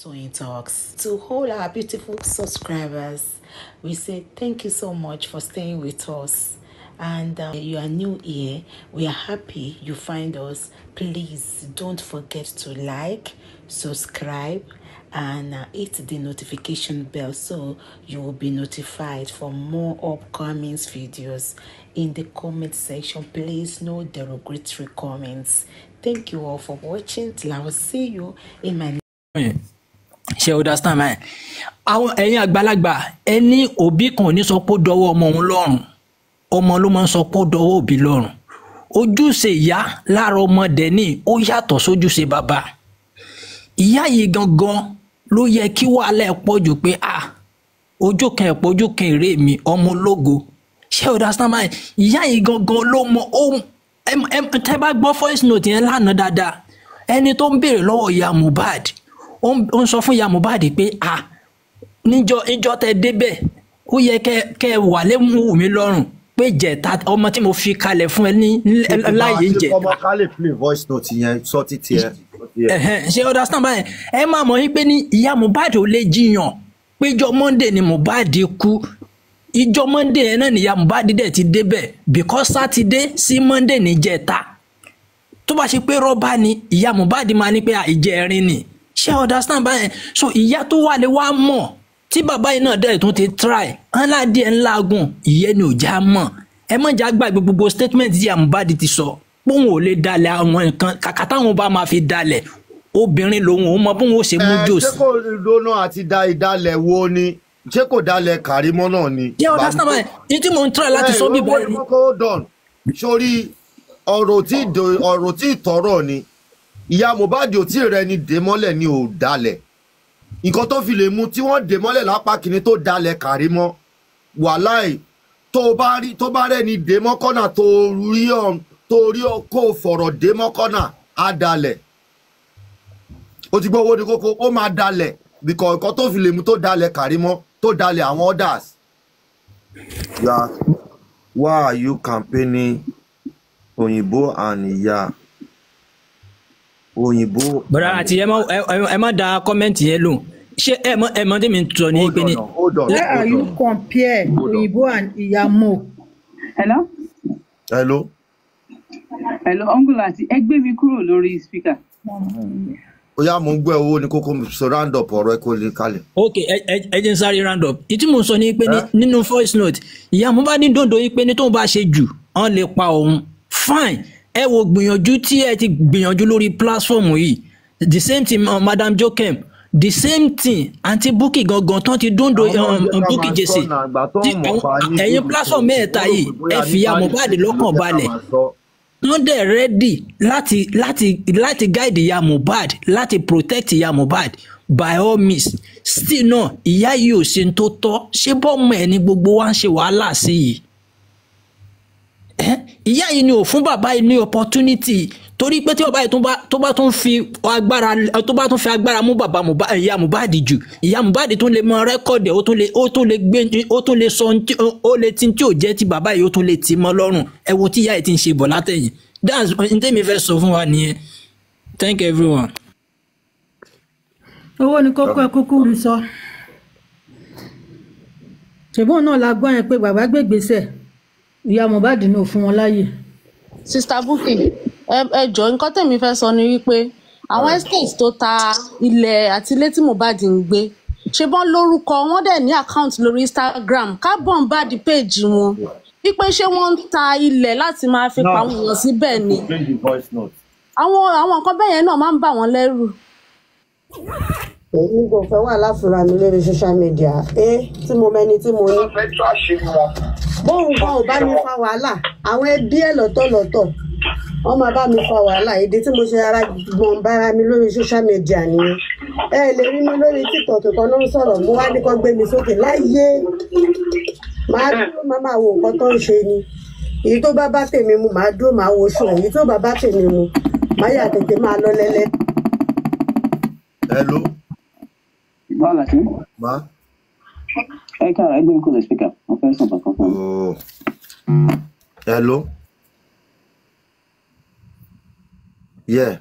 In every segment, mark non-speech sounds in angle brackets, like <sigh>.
Toyeen Talks. To all our beautiful subscribers, we say thank you so much for staying with us. And uh, you are new here, we are happy you find us. Please don't forget to like, subscribe, and uh, hit the notification bell so you will be notified for more upcoming videos in the comment section please no derogatory comments thank you all for watching till i will see you in my next. ṣe understand man àwọn ẹ̀yin àgbàlagbà ẹni òbí kan ò ní sọ pé ó dọwọ́ ọmọ òun lọ́rùn ọmọ ló máa ń sọ pé ó dọwọ́ òbí lọ́rùn ojúṣe ìyá lára ọmọdé ní ó yàtọ̀ sójúṣe bàbá ìyá yìí gangan ló yẹ kí wàhálà ẹ̀ pọ̀ jù pé ah ojú kan ẹ̀ pọ̀ ojú kan èrè mi ọmọ ológo ṣé o understand my ìyá yìí gangan ló mọ ohun tẹ́ bá gbọ́ voice note yẹn lánàá dáadáa ẹni tó ń béèrè lọ́wọ́ ìyá Mohbad ó ń sọ fún ìyá Mohbad pé à níjọ níjọ tẹ débẹ̀ ó yẹ kẹ kẹ wà lẹ́mú wù mí lọ́rùn pé jẹ̀ta ọmọ tí mo fi kalẹ̀ fún ẹ ní láàyè jẹ̀ta. ọmọ ká lè voice note yẹn sọ títí ẹ. ṣe understand báyẹn ẹ máa mọ̀ yín pé ní ìyá Mohbad ò lè jiyàn péjọ Monday ni Mohbad kú ìjọ Monday yẹn náà nìyá Mohbad dẹ̀ ti débẹ̀ because Saturday sí si Monday níjẹ̀ta tó bá ṣe pé rọ́bà ni ìyá Mohbad máa ní pé àìjẹrin ni ṣé understand báyẹn so ìyá tó wà lè wá mọ̀ tí bàbá yìí náà dẹ̀ tún ti try ńlá díẹ̀ ńlá gùn ìyẹn ni ò já mọ̀ ẹ mọ̀ já gbàgbé gbogbo statement yìí Mohbad ti sọ póun ò lè dalẹ̀ àwọn nǹkan kàkà táwọn bá máa fi dalẹ̀ obìnrin lòun òun mọ bóun ó ṣe mú eh, jòsì. ṣé kò lóná àti da ìdálẹ̀ wo ni ṣé kò dalẹ̀ kàrímọ́ náà ni. ṣé ọ̀dà sábà ní tí mò ń try láti eh, sọ bíbẹ̀ ni. sórí ọ̀rọ̀ tí tọ̀rọ̀ ni ìyá Mohbad ò tí ì rẹni dè mọ́lẹ̀ ni ò dalẹ̀ nǹkan tó fi lè mu tí wọ́n dè mọ́lẹ̀ lápá kìíní tó dalẹ̀ kàrí mọ́ wàláì tó bá rí tó bá rẹni dè mọ́ kọ́nà tó rí ọ tó rí ọ kó fọ̀rọ̀ dè mọ́ kọ́nà á dalẹ̀ ó ti gbọ́ owó ní kókó ó máa dalẹ̀ bìkọ́ nǹkan tó fi lè mu tó dalẹ̀ kàrí mọ́ tó dalẹ̀ àwọn others. Yeah. Why are you campaigning Oyinbo and Iya? Yeah òyìnbó. bọ̀dà àti ẹ má da kọ́mẹ́ǹtì yẹn lò ṣé ẹ mọ ẹ mọ tí mi ń tọ ní pé ni. where are you compare òyìnbó and ìyàmó. hello. hello. hello uncle àti ẹ gbé mi kúrò lórí speaker. ó yá mo ń gbọ́ owó ní kókó so round up ọ̀rọ̀ ẹ kó lè kalẹ̀. ok ẹ jẹ́ n sáré round up ìtí mo sọ ni pé nínú voice note ìyá mo bá ní dòndò yìí pé ní tóun bá ṣe jù wọ́n lè pa òun fine ẹ wo gbìyànjú tí ẹ ti gbìyànjú lórí platform. yìí the same thing uh, madam jokem the same thing àti búkì gangan tán ti dúndò búkì jèsè tí ẹ̀yin pílásífọ̀mù mẹ́ẹ̀ta yìí ẹ fìyà mohbad lọ́kàn balẹ̀ wọ́n dẹ̀ rẹ́dì láti láti láti guide ìyá mohbad láti protect ìyá mohbad by all means still náà ìyá yìí ò ṣe tó tọ́ ṣé bọ́ọ̀mù ẹ̀ ni gbogbo wa ń ṣe wàhálà sí yìí ìyá yìí ni ò fún bàbá yìí ní opportunity torí pé tí bàbá yìí tó bá tún fi agbára tó bá tún fi agbára mú bàbá ìyá Mohbad jù ìyá Mohbad tún lè mọ rẹ́kọ̀dì ó tún lè ó tún lè gbé ó tún lè sọ ó lè tí tí ò jẹ́ ti bàbá yìí ó tún lè tì mọ́ lọ́rùn ẹ wo tí ìyá yìí ti ń ṣe bọ̀ látẹ̀yìn that's ntẹ́mi fẹ́ sọ fún wa nìyẹn thank everyone. owó ni kókó ẹ kúkú ń sọ ṣùgbọ́n náà la gbọ́ yẹn pé bàbá gbègbèsẹ̀ ìyá Mohbad náà fún wọn láàyè. sista Bukky ẹ jọ nǹkan tèmi fẹ́ sọ ni wípé àwọn estate tó ta ilẹ̀ àti ilé tí Mohbad ń gbé ṣe bọ́n lórúkọ wọ́n dẹ̀ ní àkáǹtì lórí Instagram carbon bá di péèjì wọn wípé ṣé wọ́n ń ta ilẹ̀ láti máa fi pa àwọn èèyàn síbẹ̀ ni àwọn àwọn nǹkan bẹ́ẹ̀ yẹn náà máa ń bà wọ́n lẹ́rù. èyí kò fẹ́ wà láfura mi lórí social media ẹ tí mo mẹni tí mo ní. wọ́n fẹ́ tó àṣírí wọn bóun wa ò bá mi fa wàhálà àwọn ẹbí ẹ lọ́tọ̀lọ́tọ̀ wọ́n máa bá mi fa wàhálà ìdí tí mo ṣe ara gbọ̀n bára mi lórí social media nìyẹn ẹ lè rí mi lórí TikTok kan náà ń sọ̀rọ̀ mo wá ní kó gbé mi sókè láyé màá dúró màá máa wo nǹkan tó ń ṣe ni èyí tó bá bá tèmi mu màá dúró màá wo sùn èyí tó bá bá tèmi mu màá yà tètè máa lọ lẹ́lẹ́. hello. báwo la ṣe. bá. Hey, cara, é bem com speaker. Não só Hello? Yeah.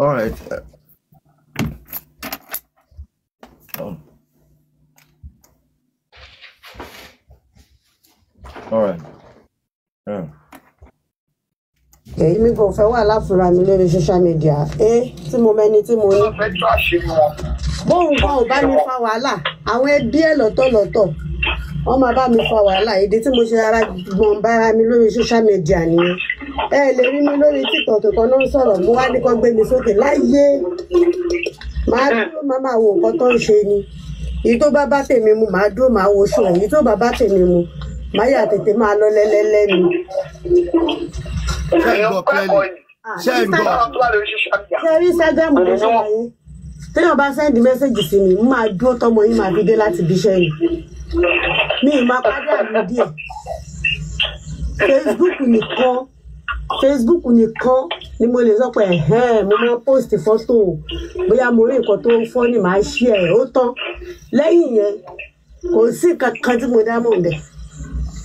All right. Um. All right. Um. èmi kò fẹ́ wà láfura mi lórí social media ẹ eh, tí mo mẹ́ni tí mo ní. bóun kan ò bá mi fa wàhálà àwọn ẹbí ẹ lọ́tọ̀lọ́tọ̀ wọ́n máa bá mi fa wàhálà ìdí tí mo ṣe ara gbọ̀n bára mi lórí social media nìyẹn ẹ lè rí mi lórí títọ̀ tòkan náà sọ̀rọ̀ mo wá ní kó gbé mi sókè láyé màá dúró màá máa wo nǹkan tó ń ṣe ni èyí tó bá bá tèmi mu màá dúró màá wo sùn èyí tó bá bá tèmi mu màá yà tètè máa lọ lẹ́lẹ́lẹ́ mi. ṣé ń gbọ́ pẹ́ẹ́lí ah, ṣé ń gbọ́ ṣé rí Instagram ló ṣe wáyé téèyàn bá sẹ́ndì mẹ́sẹ̀gì sí mi máa dúró tọmọ yín máa fi dé láti ibi iṣẹ́ yìí mi ì máa pàdé àmì díẹ̀ Facebook nìkan facebook nìkan ni mo lè sọ pé ẹ̀hẹ́n mo máa post fọ́tò bóyá mo rí nǹkan tó ń fọ́ ni màá ṣí ẹ̀ ó tán lẹ́yìn yẹn kò sí kankan tí mo dá mọ̀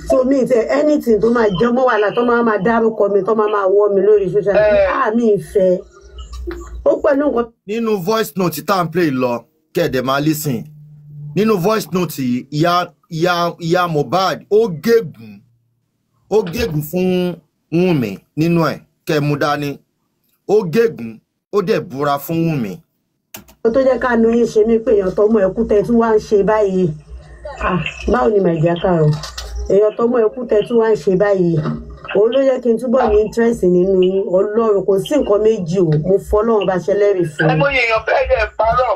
so mi tẹ anything tó máa jẹ́ mọ́ wàhálà tó máa máa dárúkọ mi tó máa máa wọ́ mi lórí social media á eh. ah, mi fẹ́ ó pẹ̀lú nǹkan. nínú voice note tá à play lọ kẹ̀dẹ̀ máa listen nínú voice note yìí ìyá ìyá ìyá Mohbad ó gégùn ó gégùn fún wùnmí nínú ẹ̀ kẹ́ mú dání ó gégùn ó dẹ̀ búra fún wùnmí. ohun tó jẹ́ káàánú yìí ṣe mí pé èèyàn tọmọ ẹ̀kú tẹ tí wàá ń ṣe báyìí báwo ni màìjà kàrọ̀ èèyàn tọmọ ẹ̀kú tẹ tí wàá ń ṣe báyìí òun ló yẹ kí n túbọ̀ ní interest nínú ọlọ́run kò sí nǹkan méjì o mo fọlọ́run bá ṣẹlẹ́rìí fún un. ẹgbẹ́ èèyàn bẹ́ẹ̀ yẹ parọ́.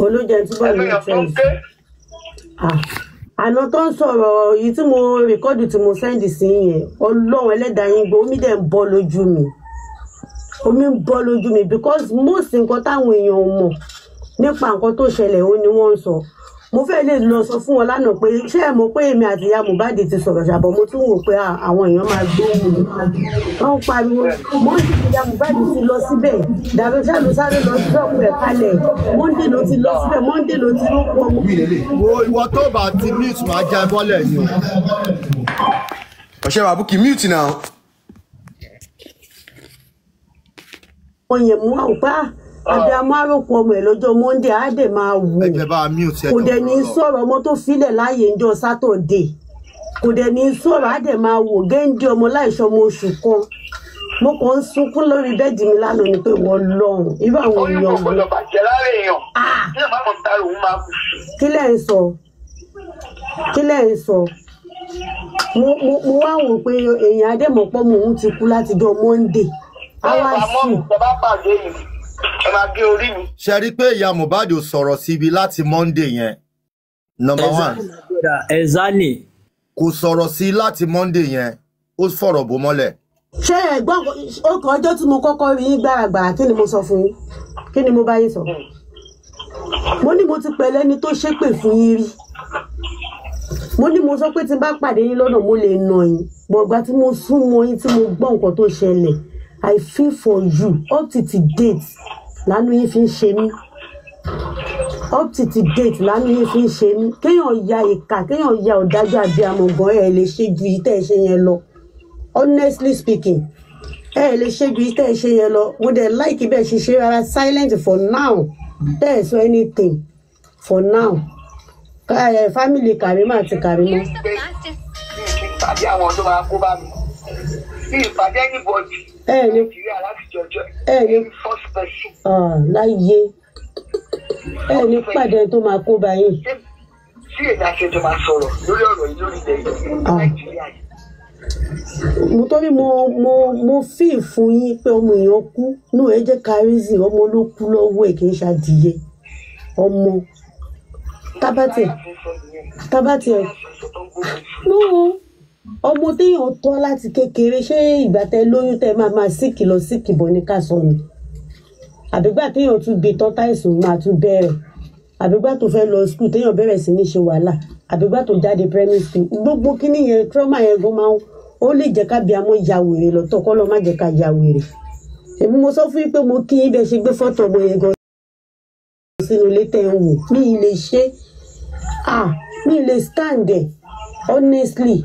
òun túbọ̀ ní interest. ẹgbẹ́ èèyàn tó ń ké àná tó ń sọ̀rọ̀ yìí tí mo rìkọ́dù tí mo sẹ́ndì sí yẹn ọlọ́run ẹlẹ́dàá yín gbé omi dẹ̀ ń bọ́ lójú mi omi ń bọ́ lójú mi because most nǹkan táwọn èèyàn mọ̀ nípa nǹkan tó ṣẹlẹ̀ ó ni wọ́n ń sọ mo fẹ́ lè lọ sọ fún wọn lánàá pé ṣé ẹ mọ̀ pé èmi àti ìyá Mohbad ti sọ̀rọ̀ ṣàbọ̀ mo tún wò pé àwọn èèyàn máa gbóhùn mi wọ́n ń pariwo Monday ìyá Mohbad ti lọ síbẹ̀ dàbẹ́sà ló sáré lọ dọ́ọ̀pù ẹ̀ kalẹ̀ Monday ló ti lọ síbẹ̀ Monday ló ti rúkọ. ìwọ tó bá ti mute máa já ẹ bọ́lẹ̀ ni o. ọ̀sẹ̀ bàbúkì mute now. wọ́n yẹ̀ àwùpá àdá oh. márùnkù ọmọ ẹ lọ́jọ́ monday a dẹ̀ máa wù kò dẹ̀ ní sọ̀rọ̀ ọmọ tó filẹ̀ láàyè ńjọ́ sátọ̀dé kò dẹ̀ ní sọ̀rọ̀ á dẹ̀ máa wò géńdé ọmọ láìsọ ọmọ oṣù kan mo kàn ń sunkún lórí bẹ́ẹ̀dì mi lánàá ni pé wọ́n lọ́hùn irú àwọn èèyàn wọn. ọyún kò bàjẹ́ lára èèyàn ah! kí lè má mọ̀ ta lòun máa kú. kí lẹ̀ ń sọ kí lẹ̀ ń sọ mo mo wá wò pé èèyàn adẹ́mọ̀pọ̀ mò ń ti kú látijọ́ monday. bẹ́ẹ̀ bá mọ́mù tó bá pàdé yìí ẹ máa gé orí mi. ṣe rí i pé ìyá Mohbad ò sọ̀rọ̀ síbi láti Monday yẹn number one ẹ̀zánì kò sọ̀rọ̀ sí láti Monday yẹn ó fọ̀rọ̀ bò mọ́lẹ̀. ṣé ẹ gbọ́ ọkọ̀ ọjọ́ tí mo kọ́kọ́ rí gbàràgbà kí ni mo sọ fún yín kí ni mo bá yín sọ. mo ní mo ti pẹ̀lẹ́ ni tó ṣépè fún yín rí mo ní mo sọ pé tí n bá pàdé yín lọ́nà mo lè nà yín bọ̀gbà tí mo sún mọ́ yín tí mo gbọ́ nǹkan tó ṣẹlẹ̀ i feel for you up to the date lánàá yín fi ń ṣe mí up to the date lánàá yín fi ń ṣe mí kéèyàn ya ìka kéèyàn ya ọ̀dájú àbí amọ̀gàn ẹ̀ lè ṣe ju yìí tẹ́ ẹ ṣe yẹn lọ honestly speaking ẹ ẹ lè ṣe ju yìí tẹ́ ẹ ṣe yẹn lọ mo dẹ̀ láìkí bẹ́ẹ̀ ṣe ṣe rárá silent for now tẹ́ ẹ sọ anything for now ẹ family Karimo àti Karimo. tàbí àwọn tó máa kó bá mi bí ìpàdé anybody ẹ ní ẹ ní ah, láyé ẹ ní pàdé tó máa kó bá yín. tí èmi àti máa sọ̀rọ̀ lórí ọ̀rọ̀ yìí lórí ilẹ̀ yìí ah. nàìjíríà yìí mo torí mo mo mo fi fún yín pé ọmọ èèyàn kú nù ẹ jẹ́ kárízì ọmọ ló kú lọ́wọ́ ẹ̀ kì í ṣàdìyẹ ọmọ tábàtì tábàtì ẹ ọmọ téèyàn tọ́ láti kékeré ṣé ìgbà tẹ lóyún tẹ máa máa síkì lọ síkì bọ̀ ní ká sọ ni àbígbà téèyàn tún gbé tán táìsùn máa tún bẹ̀rẹ̀ àbígbà tó fẹ́ lọ skul téèyàn bẹ̀rẹ̀ sí ní ṣe wàhálà àbígbà tó jáde primary school gbogbo kíní yẹn trauma yẹn gan máa ń ó lè jẹ́ ká bí amọ́ ya wèrè lọ́tọ̀ kọ́ lọ́ má jẹ́ ká ya wèrè èmi mo sọ fún yín pé mo kí yín bẹ́ẹ̀ ṣe gbé fọ́tò ọmọ yẹn gan sínú ilé tẹ̀ ń wò mí ì ṣe ah mí ì stand there honestly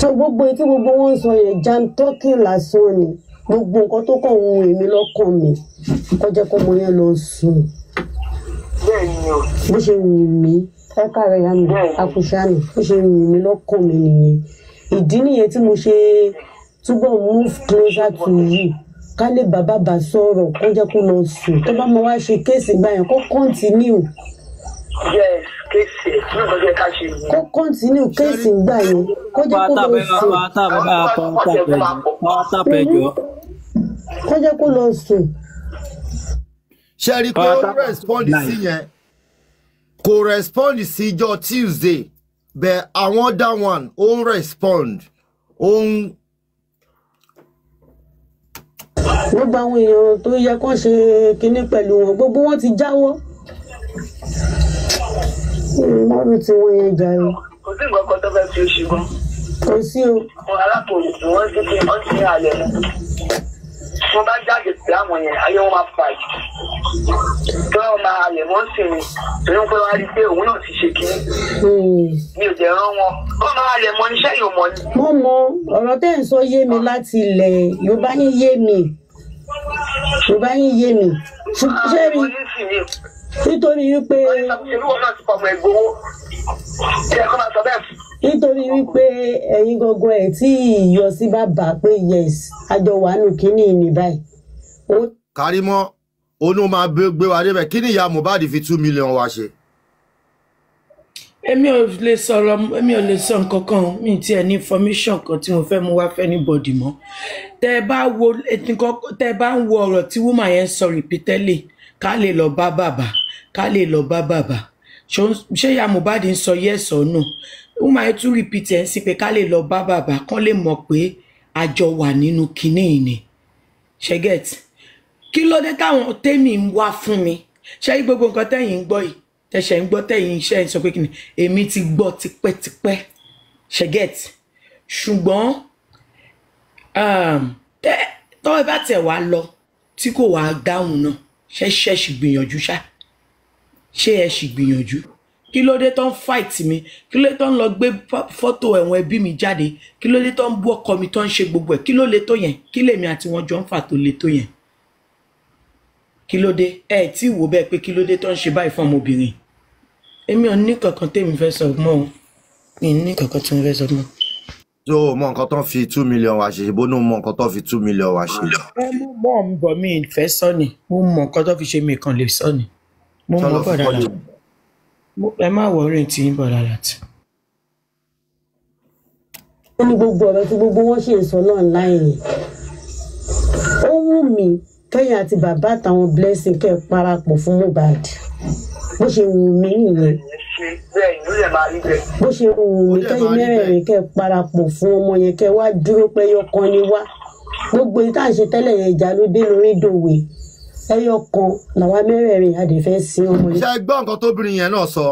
so gbogbo etí gbogbo wọn ń sọ yẹn jantọ́kì lásán ni gbogbo nǹkan tó kàn ń hun èmi lọ́kàn mi kọjá kó mo yẹn lọ sùn bó ṣe wù mí ẹ̀ka rẹ̀ yà mí àkùsàmì bó ṣe wù mí lọ́kàn mi nìyẹn ìdí nìyẹn tí mo ṣe túbọ̀ move closer to you ká lè bá bàbá sọ̀rọ̀ kó jẹ́ kó lọ sùn tó bá mo wá ṣe kéèsì gbà yẹn kó continue yes kéèsì ẹ̀ kí ló jẹ́ ká ṣe. kó kọ́ntínú kéèsì ń gbà yẹn kó jẹ́ kó lọ sùn. kó jẹ́ kó lọ sùn. ṣe rí i sí yẹn kò rẹ́spọ́ndì sí ijọ́ Tuesday bẹ́ẹ̀ àwọn dá one ó ń rẹ́spọ́nd ó ń gbogbo àwọn èèyàn tó yẹ kó ṣe kinní pẹ̀lú wọn gbogbo wọn ti jáwọ́ mọ́rù tí wọ́n yẹn jàre. kò sí nǹkan kan tó fẹ́ fi oṣù gan. kò sí o. wọn alákòólù tí wọ́n ti fi ọtí ní alẹ́ mọ́. tí wọ́n bá jáde pé yẹn ayé wọn máa fà jù. tí wọ́n máa alẹ́ mọ́ sí mi torí wọn pé wọ́n rí i pé òun náà ti ṣe kínní. mi ò dẹ̀ rán wọn. wọ́n máa alẹ́ mọ́ iṣẹ́ yóò mọ́ ni. mo mọ ọ̀rọ̀ tẹ́ ń sọ yé mi láti ilẹ̀ Yorùbá yín yé mi Yorùbá yín yé mi ṣé rí nítorí wípé. nítorí wípé ẹ̀yin gangan ẹ̀ tí ìyọ sí bá bà pé yes àjọ wàánu kínní ní báyìí. Karimo onú máa gbé wa débẹ̀ kí ni ìyá Mohbad fi two million wa ṣe. èmi ò lè sọ̀rọ̀ èmi ò lè sọ nǹkan kan mi ti ẹ̀ ní information kan tí mo fẹ́ mú wá fẹ́ ní bọ̀dì mọ́ tẹ́ ẹ bá wo tẹ́ ẹ bá ń wo ọ̀rọ̀ tí woman yẹn sọ repeatedly ká lè lọ bá bàbá ká lè lọ bá bàbá ṣé ìyá Mohbad ń sọ yes or no ó máa tún repeat ẹ̀ ń sí pé ká lè lọ bá bàbá kán lè mọ̀ pé àjọ wà nínú kinní ni ṣẹ́gẹ̀t kí ló dé táwọn tèmi ń wá fún mi ṣé gbogbo nǹkan tẹ̀yìn ń gbọ́ yìí tẹ̀sẹ̀ ń gbọ́ tẹ̀yìn iṣẹ́ ń sọ pé kìnnì èmi ti gbọ́ tipẹ́tipẹ́ ṣẹ́gẹ̀t ṣùgbọ́n um, tọ́wọ́ bá tẹ̀ wá lọ tí kò wá dáhùn náà ṣẹ́ṣẹ́ṣì gbìyànjú ṣáà ṣé ẹ ṣì gbìyànjú kí ló dé tó fight mi kí ló dé tó ń lọ gbé fọ́tò ẹ̀wọ̀n ẹbí mi jáde kí ló dé tó ń bú ọkọ mi tó ń ṣe gbogbo ẹ̀ kí ló le tó yẹn kí lèmi àti wọn jọ ń fà tó le tó yẹn kí ló dé ẹ tí wò bẹ́ẹ̀ pé kí ló dé tó ń ṣe báyìí fún ọmọbìnrin èmi ò ní kankan tèmi fẹ́ sọ mọ́ o mi ní kankan tí mo fẹ́ sọ mọ́. tó o mọ nǹkan tó ń fi two million wá ṣe ṣe bó ní o mọ nǹkan tó ń fi two million wá ṣe. ẹ mú ń bọ̀ mí ìfẹ́ sọ ni mo mọ nǹkan tó fi ṣe mí kan lè sọ ni mo mọ bọ̀dà là ẹ má wọrí tí ń bọ̀dà là tì. ó ní gbogbo ọ̀rọ̀ tí gbogbo wọn ṣe ń sọ náà láì yìí ó wù mí kẹ́yìn àti bàbá àtàwọn blessing kẹ́ ẹ parapọ̀ fún Mohbad bó ṣe wù mí nìyẹn bó ṣe wù mí kẹ́yìn mẹ́rẹ̀ẹ̀rin kẹ́ ẹ parapọ̀ fún ọmọ yẹn kẹ́ ẹ wá dúró pé yọkan ni wá gbogbo ìta ṣe tẹ́lẹ̀ yẹn ìjà ló dé lórí dòwe ẹyọ kan làwọn mẹ́rẹ̀ẹ̀rin adé fẹ́ sin ọmọ yìí. ṣe gbọ́ nǹkan tóbìnrin yẹn náà sọ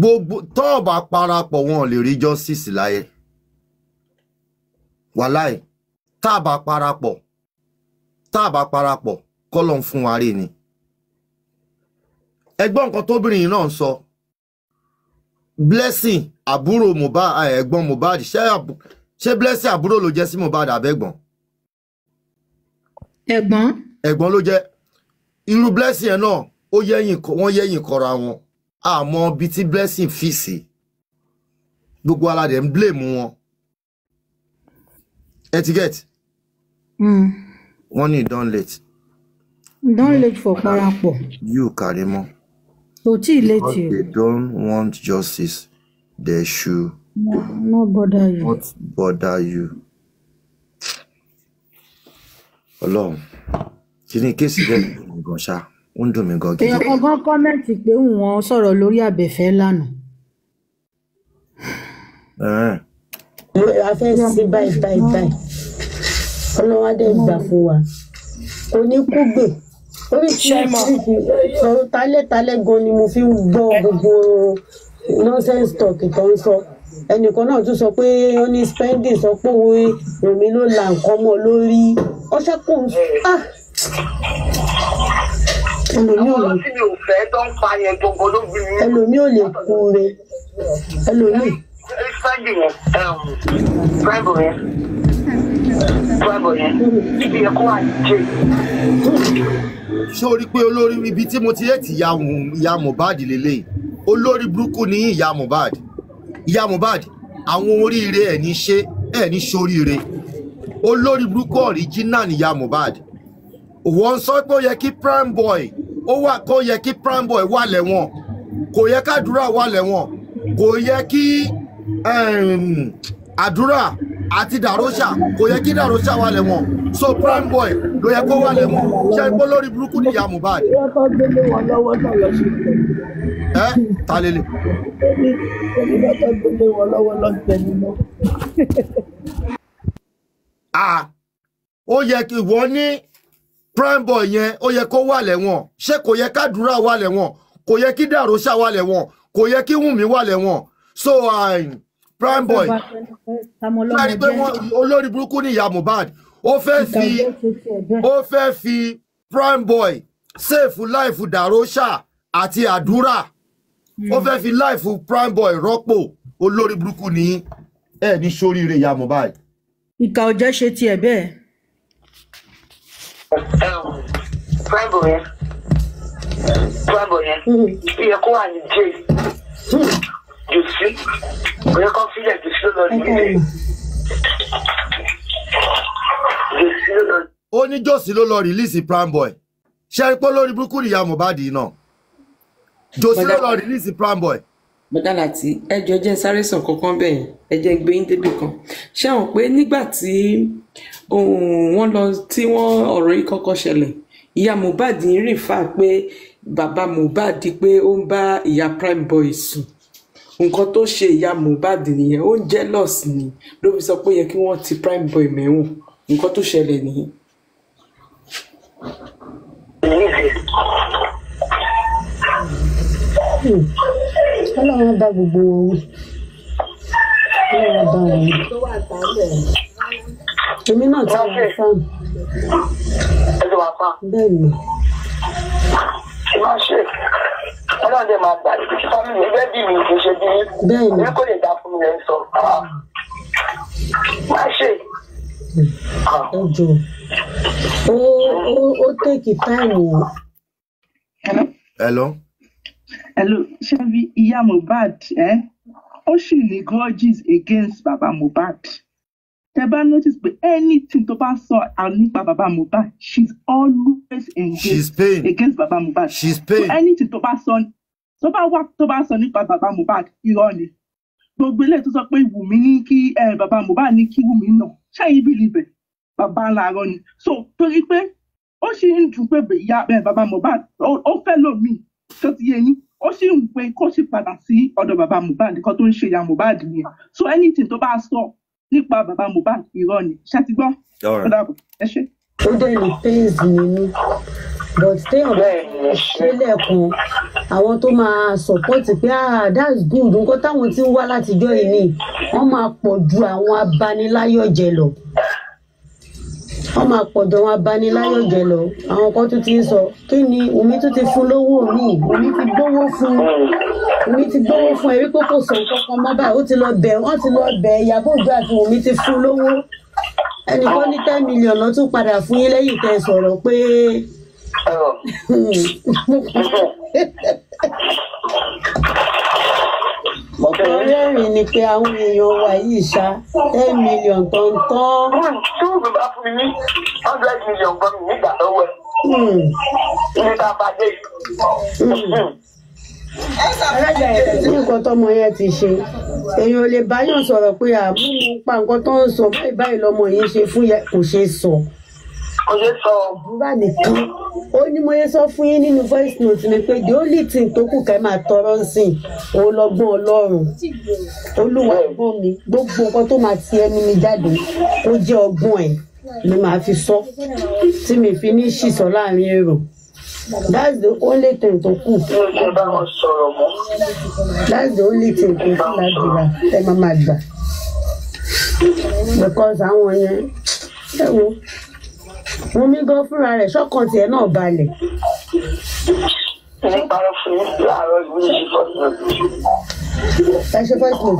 gbogbo tọ́ọ̀bà parapọ̀ wọn lè rí justice láyé wàláì táàbà parapọ̀ táàbà parapọ̀ kọ́lọ̀ ń fún wa rí ni ẹgbọ́n nǹkan tóbìnrin yìí náà sọ blessing àbúrò Mohbad ẹ̀gbọ́n Mohbad ṣé blessing àbúrò ló jẹ́ sí Mohbad àbẹ́gbọ́n. ẹ̀gbọ́n ẹ̀gbọ́n ló jẹ́ irú blessing ẹ̀ náà ó yẹ̀yìn wọ́n yẹ̀yìn kọra wọn àmọ́ bíi tí blessing fi sí gbogbo aládẹ̀ ń blame wọn etiquette hmm. wọ́n ní don late. don late for parapọ̀. you Karimo. kò tí ì late o. because they don't want justice they should. No, no bother you. not bother you. Ọlọ́run kíní kéèsì rẹ̀ ń gan ṣá ó ń dùn mí gan gidi. èèyàn kan gan kọ́mẹ̀ntì pé wọ́n sọ̀rọ̀ lórí àbẹ̀fẹ́ lánàá. a fẹ́ sí báyìí báyìí báyìí ọlọ́wọ́ dẹ̀ gbà fún wa oníkúgbè orí talẹ́talẹ́ gan ni mo fi ń gbọ́ gbogbo nonsense talk tó ń sọ ẹnìkan náà tún sọ pé ó ní spending sọ pé òun èmi ló la nǹkan mọ́ lórí ọṣẹ kò ń ah ẹlòmí ò lè ẹlòmí ò lè kú re ẹlòmí. sáàjì ṣé o rí pé olórí ibi tí mo ti rẹ́ẹ̀tì ìyá Mohbad lélẹ́yìí olórí burúkú ni ìyá Mohbad ìyá Mohbad àwọn oríire ẹ̀ ní ṣe ẹ̀ ní ṣoríire olórí burúkú ọ̀ríjínà ni ìyá Mohbad wọ́n sọ pé ó yẹ kí prime boy ó wà kó yẹ kí prime boy wà lẹ́wọ̀n kò yẹ kádùrà wà lẹ́wọ̀n kò yẹ kí àdúrà àti dàrósà kò yẹ kí dàrósà wà lẹ́wọ̀n so prime boy ló yẹ kó wà lẹ́wọ̀n ṣe é pé lórí burúkú ni ìyá Mohbad. ẹ ta lele. ó yẹ kí wọ́n ní prime boy yẹn ó yẹ kó wà lẹ́wọ̀n ṣé kò yẹ kádùrà wà lẹ́wọ̀n kò yẹ kí dàróṣà wà lẹ́wọ̀n kò yẹ kí wùnmí wà lẹ́wọ̀n so um, prime boy láti pé olórí burúkú ni ìyá Mohbad ó fẹ́ fi ó fẹ́ fi prime boy save life dàróṣà àti àdúrà hmm. ó fẹ́ fi life prime boy rọ́pò olórí burúkú ni ẹ ní sóríire ìyá Mohbad. ìkà ọjọ́ ṣe tiẹ̀ bẹ́ẹ̀. Bible yẹn Bible yẹn iye mm-hmm. kó wà ní jẹ́ jòsí òye kan sílẹ̀ jòsí ló lọ ní ilé jòsí ló lọ. ó ní jòsí ló lọ rìlíìsì Primeboy ṣe é pé lórí burúkú nìyá Mohbad náà jòsí ló lọ rìlíìsì Primeboy bọ́dàlà tí ẹjọ́ jẹ́ sáré sàn kankan bẹ́ẹ̀ ẹjẹ́ gbé yín débi kan ṣé àwọn pé nígbà tí wọ́n lọ tí wọ́n ọ̀rọ̀ yìí kọ́kọ́ ṣẹlẹ̀ ìyá Mohbad ń rìn fà pé bàbá Mohbad pé ó ń bá ìyá Primeboy sùn nǹkan tó ṣe ìyá Mohbad nìyẹn ó ń jealous ni ló fi sọ pé yẹ kí wọ́n ti Primeboy mẹ́wọ̀n nǹkan tó ṣẹlẹ̀ nìyẹn. ọlọ́run bá gbogbo wọn ọlọ́run bá wọn èmi náà ti fáwọn ẹjọ́ wa pa. bẹ́ẹ̀ni. ṣé máa ṣe ọlọ́run dẹ̀ máa gbà ní fámìlì ẹgbẹ́ bí mi kò ṣe bí mi. bẹ́ẹ̀ni. èmi kò lè dá fún mi táìmù. hello. hello ṣé bí ìyá Mohbad ẹ ó sì ní grudges against baba Mohbad tẹ notice pé anything tó bá sọ nípa baba Mohbad she's always engaged she's pain. against baba Mohbad she's pain. so anything tó bá sọ tó bá wá tó bá sọ nípa baba Mohbad irọ́ ni gbogbo ilé tó sọ pé Wùmí ní kí eh, baba Mohbad ní kí Wùmí nà ṣẹ́yìn bìlìbẹ̀ baba ńlá arọ ni so torí pé ó sì ń dùn pé ìyá eh, baba Mohbad ó fẹ́ lómi tó ti yé yín ó sì ń pe kó sì padà sí ọ̀dọ̀ baba Mohbad nǹkan tó ń ṣe ìyá Mohbad nìyẹn so anything tó bá So, nípa bàbá Mohbad irọ́ ni ṣàtìgbọ́ ó dàbọ̀ ẹ ṣe. ó dẹ̀ ní pains ni mí but téèyàn bá sílẹ̀ kan àwọn tó máa support pé ah that's good nǹkan táwọn ti ń wá látijọ́ yìí ni wọ́n máa pọ̀ ju àwọn abaniláyọ̀jẹ̀ lọ wọ́n máa pọ̀ jọ wọn abániláyọ̀ jẹ lọ àwọn kan tún ti ń sọ kí ni omi tún ti fún lówó mi omi ti gbówó fún omi ti gbówó fún ẹ̀rí pé kò sọ nǹkan kan mọ́ báyìí ó ti lọ bẹ̀ wọ́n ti lọ bẹ̀ Ìyábọ̀ Òjó àti omi ti fún lówó ẹnìkan ní ten million ló tún padà fún yín lẹ́yìn tẹ́ sọ̀rọ̀ pé. <laughs> ọ̀pọ̀ rẹ́rìn ni pé àwọn èèyàn wa yìí ṣá ten million tọ̀ntọ̀n. Hmm, tí wọ́n bá fún mi ní hundred million gbọ́n mi nígbà lọ́wọ́ ẹ̀ nígbà hmm. bá dé hmm. nǹkan tọmọ yẹn ti ṣe èèyàn ò lè báyọ̀ sọ̀rọ̀ pé àmúhùn pa nǹkan tó ń sọ báyìí báyìí lọmọ yìí ṣe fún yẹ kò ṣe sọ. So kòye sọ. nígbà nìkan ó ní mo yẹ sọ fún yín nínú voice note mi pé the only thing tó kù ká máa tọrọ sìn òun lọ́gbọ́n Olúwa ọgbọ́n mi gbogbo nǹkan tó máa ti ẹnu mi jáde kó jẹ́ ọgbọ́n ẹ̀ ni màá fi sọ tí mi fi ní ṣìṣọ láàrin èrò that's the only thing tó kù. ẹ bá wọn sọ̀rọ̀ mọ́. that's the only thing tó kù ládùúrà ẹ má má gbà because àwọn yẹn ẹ wo wọ́n mi gan fúnra rẹ̀ ṣọ́kàn tiẹ̀ náà balẹ̀. ní parọ́ fún mi àárọ̀ ìlú yìí fọ́tò. ẹ ṣe fẹ́ kí n.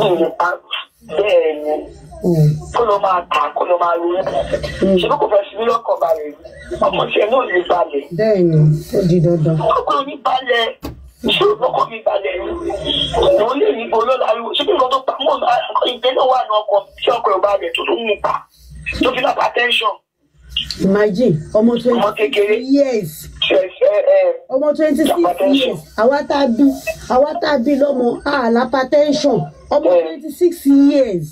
bẹ́ẹ̀ ni mm. kó ló máa ta kó ló máa ronú mm. ṣé kò fẹ́ fi mí lọ́kàn balẹ̀ ọmọ tiẹ̀ náà lè balẹ̀. bẹ́ẹ̀ ni ó di dandan. ọkọ mi balẹ̀ ṣùgbọ́n ọkọ mi balẹ̀ ló lè ní olólàwọ̀ ṣé kí n kọ́ tó pa mọ́ ìgbẹ́ náà wà ní ọkọ̀ tí ọkọ̀ ìbalẹ̀ tó tún mú pa tó fi lápá tẹ́ńṣọ̀n imagine ọmọ twenty years ọmọ twenty six years àwa tá a bí àwa tá a bí lọ́mọ àlá hypertension ọmọ twenty six years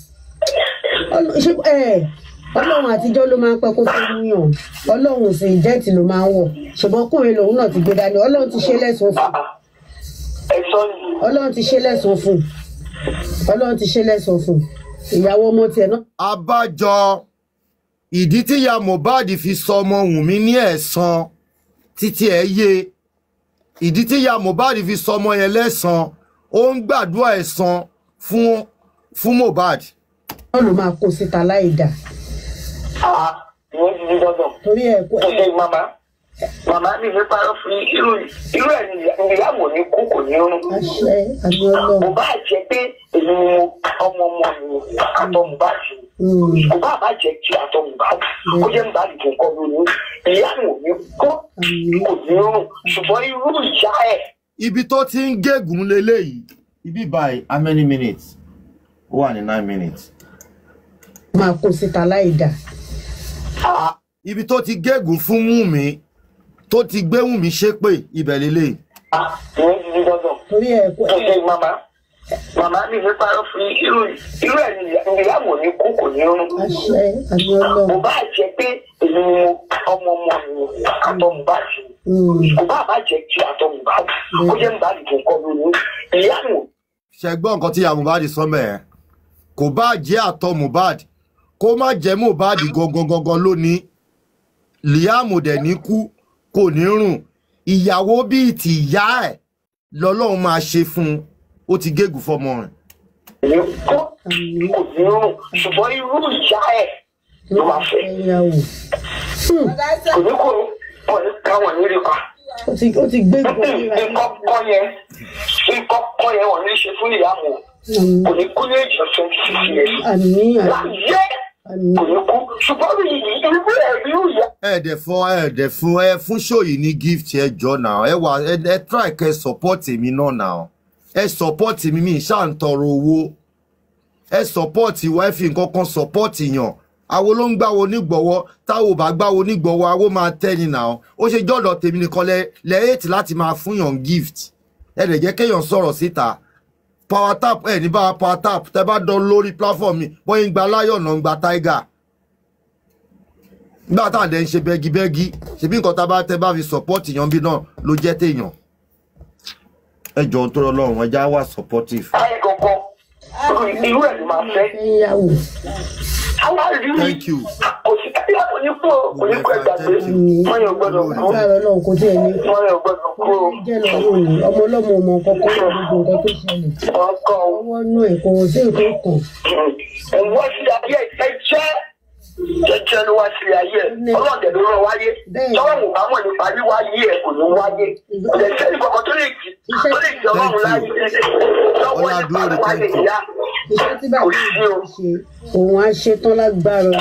ọlọ́run àtijọ́ ló máa ń pẹ́ kó tó ń yàn ọlọ́run sì jẹ́ẹ̀tì ló máa ń wọ̀ ṣùgbọ́n ọkùnrin lòun náà ti gbé dání ọlọ́run ti ṣe lẹ́sùn fún ọlọ́run ti ṣe lẹ́sùn fún ọlọ́run ti ṣe lẹ́sùn fún ìyàwó ọmọ tiẹ̀ náà. abájọ ìdí tí ya Mohbad fi sọ ọmọ Wùnmí ní ẹ̀san títí ẹ̀ yé ìdí tí ya Mohbad fi sọ ọmọ yẹn lẹ́san ó ń gbàdúrà ẹ̀san fún fún Mohbad. wọ́n máa kó síta láì dà. Ah, torí ẹ̀ kó ẹ̀ màmá mi ní parọ́ fún irú irú ẹ̀ níyàwó ní kú kò ní rún. kò bá jẹ́ pé èmi ni ọmọ ọmọ mi àtọ́ bá jù kò bá bá jẹ́ kí àtọ́ bá jù kó jẹ́ mi bá jù nǹkan lónìí ìyàwó ní kú kò ní rún ṣùgbọ́n irú ìyá ẹ̀. ibi tó ti ń gégùn leléyìí ibi by how many minutes ó wà ní nine minutes. máa kó síta láì dà. ibi tó ti gégùn fún mú mi tó ti gbé Wùmí ṣépè ibẹ̀ líle. ìwé ti di dandan ẹsẹ mama fi irú irú ẹ̀ níyàwó ní kú kò ní rún. mo bá jẹ pé èmi ni mo ọmọ ọmọ mi àtọ mi bá jù kò bá bá jẹ kí àtọ mi bá jù kó jẹ́ mi bá jù kó kọ́ mi ní ìyàwó. ṣẹgbọ́n nǹkan tí ìyá Mohbad sọ mẹ́ẹ̀ kò bá jẹ́ àtọ Mohbad kó má jẹ́ Mohbad gangan gangan lónìí Liam dẹ̀ ní kú kò ní rùn ìyàwó bíi ti ìyá ẹ̀ lọ́lọ́run máa ṣe fún un ó ti gégùn fọmọ rẹ̀. èyí kọ́ kò ní rùn ṣùgbọ́n irú ìyá ẹ̀ ló máa fẹ́. kò ní kò ní pọ̀ ní káwọn nírí pa. ó ti gbé ìgbọ́ yẹn. ìkọ́kọ́ yẹn ìkọ́kọ́ yẹn wọ́n ní ṣe fún ìyá mọ́ kò ní kú ní èjì ọ̀sẹ̀ títí yẹn. láyé ẹ̀ẹ́dẹ̀ fún ẹ̀ẹ́dẹ̀ fún ẹ fún ṣòyí ní gift ẹ jọ náà ẹ wà ẹ try kẹ support mi náà náà ẹ support mi mi ṣáà ń tọrọ owó ẹ support wa ẹ fi nǹkan kan support yàn àwo ló ń gbáwo nígbọ̀wọ́ táwo bá gbáwo nígbọ̀wọ́ àwo máa tẹ́ni náà ó ṣe jọ́dọ̀ tèmi nìkan lẹ́ẹ̀ẹ́tì láti máa fún yàn gift ẹ̀ẹ́dẹ̀ jẹ́ kéèyàn sọ̀rọ̀ síta power tap ẹ̀ ní bá a power tap tẹ́ bá dán lórí platform mi bọ́yìn gba lion náà ń gba tiger nígbà tá à dẹ̀ ń ṣe bẹ́gibẹ́gi ṣebí nǹkan tá a bá tẹ́ bá fi support èèyàn bí náà ló jẹ́ téèyàn ẹ jọ̀ọ́ tó lọ́rùn ẹ já wà supportive. ayé kankan irú ẹ̀ ló máa fẹ́ wá rí kò sí kí á kò ní kú kò ní kú ẹ gbàgbé wọn yóò gbọ́dọ̀ kú wọn yóò gbọ́dọ̀ kú o. ọmọ ọlọ́mọ ọmọ kọ́kọ́ gbogbo nǹkan tó ṣẹlẹ̀. ọkọ owó inú ẹ̀ kò sí nǹkan kan. ẹ̀wọ́n sí ayé ẹ̀ jẹ́ jẹjẹ ló wá sí ayé ẹ ọlọ́dẹ ló rọ wáyé tọ́wọ́ mò bá mọ̀ nípa wíwá yé ẹ kò ní wáyé ọ̀dẹ̀ sẹ́yìn kọ̀ọ̀kan tó lè jì tó lè jì ọlọ́run láyé tọ́wọ́ nípa wáyé ìyá iṣẹ́ tí bàbá mi ṣe òun á ṣe tán lágbára.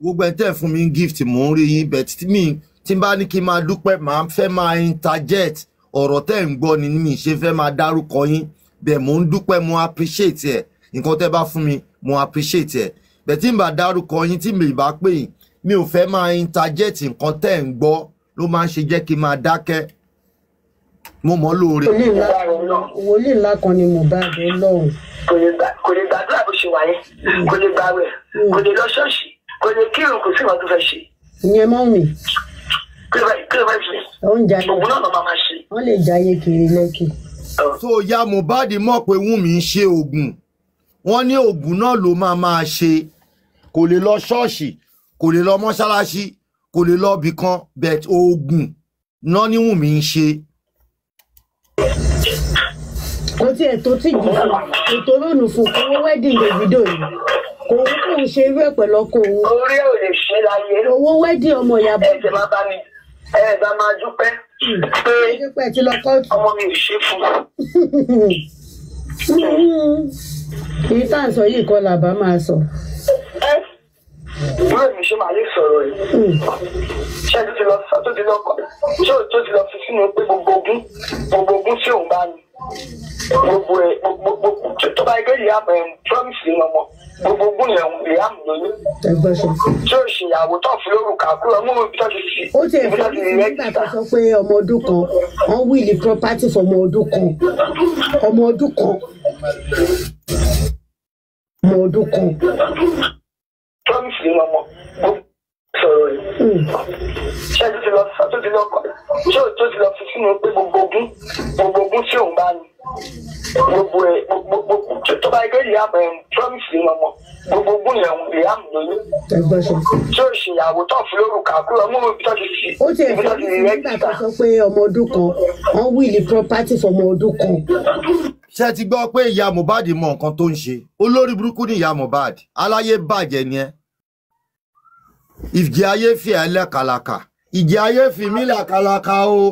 gbogbo ẹ̀ tẹ́ fún mi gift mò ń rí yín bẹ́ẹ̀ tí mi tí bá ní kí n máa dúpẹ́ màá fẹ́ máa interject ọ̀rọ̀ tẹ́ ń gbọ́ ni mi ṣe fẹ́ máa dárúkọ yín bẹ́ẹ̀ mò ń dúpẹ́ mo appreciate ẹ̀ nǹkan tẹ́ bá fún mi mo appreciate ẹ̀ bẹ́ẹ̀ tí n bá dárúkọ yín tí mi bá pè yín mi ò fẹ́ máa interject nǹkan tẹ́ ń gbọ́ ló máa ń ṣe jẹ́ kí n máa dákẹ́ mo mọ̀ lóore. wòlíì ńlá kan ni Mohbad Ọlọ́run kò lè gbàdúrà bó ṣe wà yẹn kò lè gbàwẹ̀ kò lè lọ ṣọ́ọ̀ṣì kò lè kírun kò sí ìwà tó fẹ́ ṣe. ìyẹn mọ́ mi. kí ló bá ṣe. oúnjẹ ayé ògùn náà lọ́ọ́ máa ṣe. wọ́n lè jayé kiri lẹ́kì. tó ya Mohbad mọ̀ pé Wùnmí ń ṣe oògùn wọ́n ní oògùn náà ló máa máa ṣe kò lè lọ ṣọ́ọ̀ṣì kò lè lọ mọ́ṣáláṣí kò lè lọ ibì kan bẹ̀t oògùn náà ní Wùnmí ń ṣe o kò tiẹ̀ tó tí jù fún ètò lónìí fún kówó wedding Davido yìí kò wọ́n kò ń ṣe irú ẹ̀ pẹ̀lú ọkọ òun. orí ò lè ṣe láyé. owó wedding ọmọ ìyá bọ̀. ẹ̀jẹ̀ máa bá mi ẹ̀ẹ́dá máa dúpẹ́ pé ọmọ mi ò ṣe fún <laughs> èyí tá à ń sọ yìí kọ́ làbá máa sọ. ẹ báwo ni ṣe máa lè sọ̀rọ̀ yìí hmm. ṣé tó ti lọ tó ti lọ ṣé tó ti lọ fi sínú pé gbogbo ogún gbogbo ogún tí òun bá ní gbogbo ẹ gbogbo tó bá yẹ lè àmọ ẹ promise wọn mọ gbogbo ogun yẹn lè àmọ lóyún. ẹgbẹ́ tí o ṣe ìyàwó tó fi lórúkà kúrò mú ibi tó ti fi. ó ti ẹ̀fọ́ ní nígbà tó sọ pé ọmọ ọdún kan wọ́n wíìlì property for ọmọ ọdún kan ọmọ ọdún kan ọmọ ọdún kan. promise wọn mọ sọ̀rọ̀ yìí. Hmm. ṣé tó ti lọ tó ti lọ ṣé tó ti lọ fi sínú pé gbogbo ogún gbogbo ogún tí òun bá ní gbogbo ẹ gbogbo tó bá yẹ ìyá mi promise ni ọmọ gbogbo ogún yẹn ìyá mi lóyún. ṣé o ṣe ìyàwó tó fi lórúkọ àkúrò ọmọ mi tó ti fi. ó ti ẹ̀fọ́ nígbà tó sọ pé ọmọ ọdún kan wọ́n wíìlì property fọmọ ọdún kan ṣé ti gbọ́ pé ìyá Mohbad mọ nǹkan tó ń ṣe olórí burúkú ni ìyá Mohbad aláyé bàjẹ́ ni ẹ ìjì ayé fi ẹ́ lẹ́kàlàkà ìjì ayé fi mí làkàlàkà o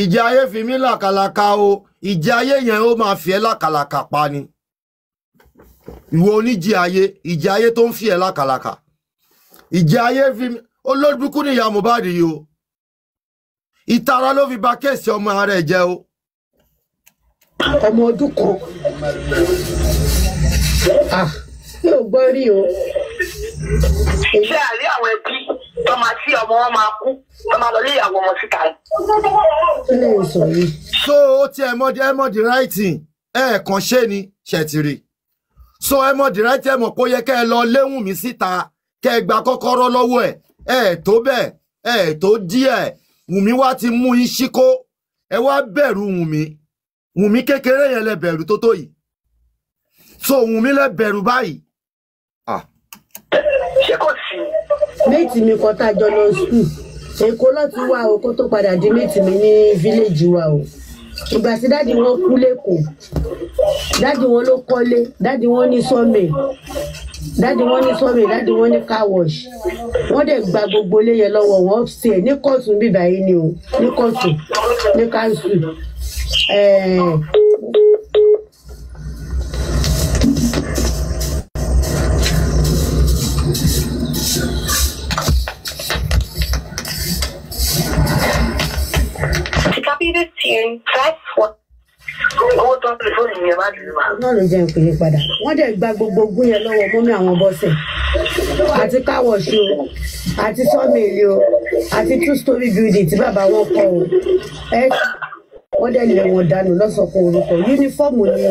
ìjì ayé fi mí làkàlàkà o ìjì ayé yẹn ó máa fi ẹ́ làkàlàkà pa ni ìwọ oníjì ayé ìjì ayé tó ń fi ẹ́ làkàlàkà ìjì ayé fi mí olódùkú nìyá Mohbad yìí o ìtara ló fi ba kéèsì ọmọ ara ẹ̀ jẹ́ o. ọmọ ọdún kan ah, mi ò gbọ́ rí o so ó ti ẹ mọ ẹ mọ the right ẹ kàn ṣe ni ṣètìrì so ẹ mọ the right kó yẹ kẹ ẹ lọ léwùn mi síta kẹ ẹ gba kọ́kọ́rọ́ lọ́wọ́ ẹ ẹ tó bẹ́ẹ̀ ẹ tó díẹ̀ wùmí wá ti mú yín síkó ẹ wá bẹ̀rù wùmí wùmí kékeré yẹn lẹ bẹ̀rù tó yìí so wùmí lẹ bẹ̀rù báyìí ṣé kò sí. méètì mi kan tá a jọ lọ sùn èkó láti wá o kó tó padà di méètì mi ní fíléèjì wa o ìgbà tí dáàdi wọn kú lẹ́kọ̀ọ́ dáàdi wọn ló kọ́lé dáàdi wọn ní sọ́mẹ̀ dáàdi wọn ní sọ́mẹ̀ dáàdi wọn ní car wash wọ́n dẹ̀ gba gbogbo léyẹ lọ́wọ́ wọn ṣe ní kóòtù bíbá yìí ni o ní kóòtù ní káńsù náà ló jẹ́ ìpele padà wọ́n dẹ̀ gba gbogbo ogún yẹn lọ́wọ́ mọ́mí àwọn bọ́sẹ̀ àti káwọ̀ṣe o àti sọ́mìlì o àti two story building tí bàbá wọn kọ́ o wọ́n dẹ̀ ní wọn dànù lọ́sọ̀kan orúkọ yúnífọ́ọ̀mù ni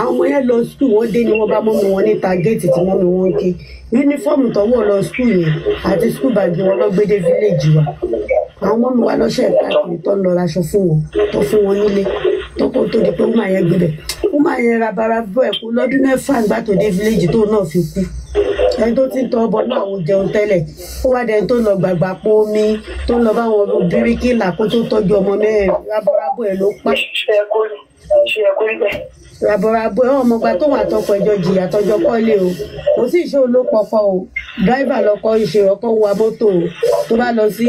àwọn ọmọ yẹn lọ skul wọ́n dé ni wọ́n bá mọ́mi wọn níta géètì tí mọ́mi wọn ké yúnífọ́ọ̀mù tọ́wọ́ lọ skul yẹn àti skul bàbí wọn lọ́gbẹ́dẹ́ fíléèjì wa àwọn mọ́mi wa lọ́sẹ̀ káàkiri tó ń lọ raṣọ fún wọn tó fún wọn nílé tó kó tó di pé wọ́n máa yẹn gbé wọ́n máa yẹn rabarabọ̀ ẹ̀kú lọ́dún mẹ́fà nígbà dé fíléèjì tó náà fi kú ẹni tó ti ń tọ ọbọ náà àwọn jẹun tẹ́lẹ̀ ó wá dẹni tó lọ gbàgbà po omi tó lọ bá wọn bíríkìlà kó tó tọ́jú ọmọ náà rábọrábọ ẹ ló pa. ṣe ẹ kó ṣe ẹ kó rí bẹ́ẹ̀ ràbọ̀ràbọ̀ ẹ̀wọ̀n ọmọọgbà tó wà tọkọ ìjọ jìyà tọjọ kọ́lé o kò sí ìṣe olópọ̀fọ́ o dráìvà lọkọ ìṣe ọkọ wa mọ́tò o tó bá lọ sí